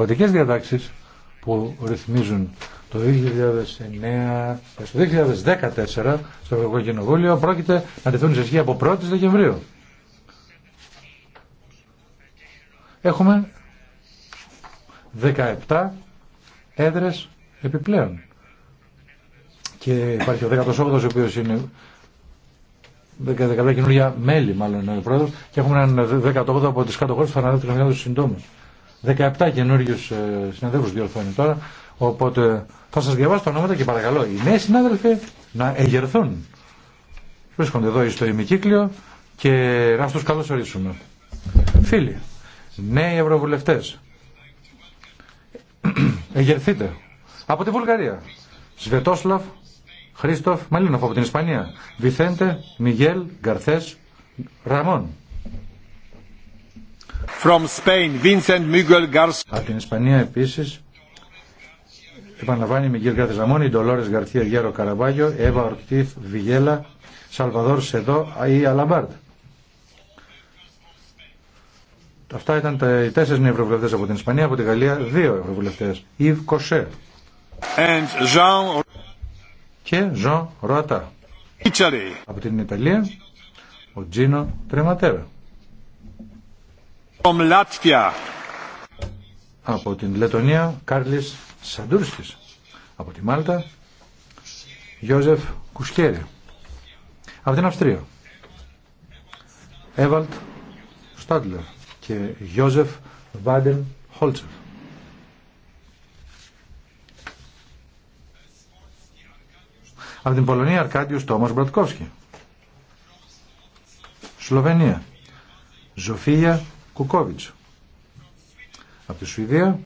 οδικές διατάξει που ρυθμίζουν το 2009 2014 στο Ευρωπαϊκό Κοινοβούλιο πρόκειται να τεθούν σε ισχύ από 1η Δεκεμβρίου. Έχουμε 17 έδρες επιπλέον. Και υπάρχει ο 18ος ο οποίος είναι 17 καινούργια μέλη μάλλον είναι ο πρόεδρος και έχουμε έναν 18ο από τις κάτω χώρες που θα 17 καινούριου ε, συναδέλφου διορθώνει τώρα. Οπότε θα σα διαβάσω τα ονόματα και παρακαλώ οι νέοι συνάδελφοι να εγερθούν. Βρίσκονται εδώ στο ημικύκλιο και να του καλωσορίσουμε. ορίσουμε. Φίλοι, νέοι ευρωβουλευτέ, εγερθείτε. Από τη Βουλγαρία, Σβετόσλαβ, Χρήστοφ Μαλίνοφ από την Ισπανία, Βιθέντε, Μιγέλ, Γκαρθέ, Ραμόν. Από την Ισπανία επίση, επαναλαμβάνει Μιγγέλ Γκάρτες Λαμόνι, Ντολόρες Γκαρθία Γιέρο Καραβάγιο, Εύα Ορτίθ Βιγέλα, Σαλβαδόρ Σεδό ή Αλαμπάρτ. Αυτά ήταν τα, οι τέσσερι ευρωβουλευτέ από την Ισπανία, από την Γαλλία δύο ευρωβουλευτέ. Ιβ Κοσέ. Και Ζων Ροατά. Από την Ιταλία, ο Τζίνο Τρεματέρα. Από την Λετωνία, Κάρλις Σαντούρσκης. Από τη Μάλτα, Γιώζεφ Κουσκέρι. Από την Αυστρία, Έβαλτ Στάντλερ και Γιώζεφ Βάντεν Χόλτσερ. Από την Πολωνία, Αρκάντιος Τόμας Μπρατκόφσκι. Σλοβενία, Ζοφία Κουκόβιτς. Από τη Σουηδία,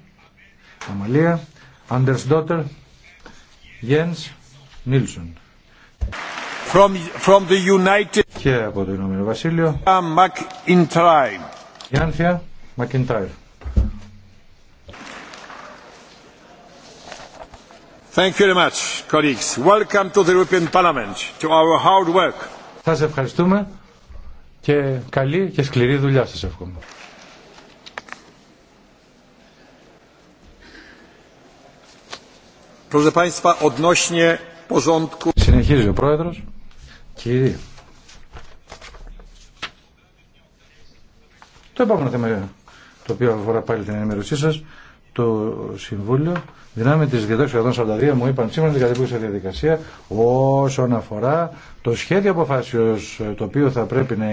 Αμαλία, Anders Dotter, Jens Nilsson. From, from the United... Και από το Ηνωμένο Βασίλειο, McIntyre. Γιάνθια McIntyre. Thank you very much, colleagues. Welcome to the European Parliament, to our hard work. Σας ευχαριστούμε και καλή και σκληρή δουλειά σας εύχομαι. Συνεχίζει ο πρόεδρο. Κύριε. Το επόμενο θέμα το οποίο αφορά πάλι την ενημερωσή σα, το Συμβούλιο δυνάμει τη Διαδόξη 142 μου είπαν σήμερα την κατεπίγουσα διαδικασία όσον αφορά το σχέδιο αποφάσεω το οποίο θα πρέπει να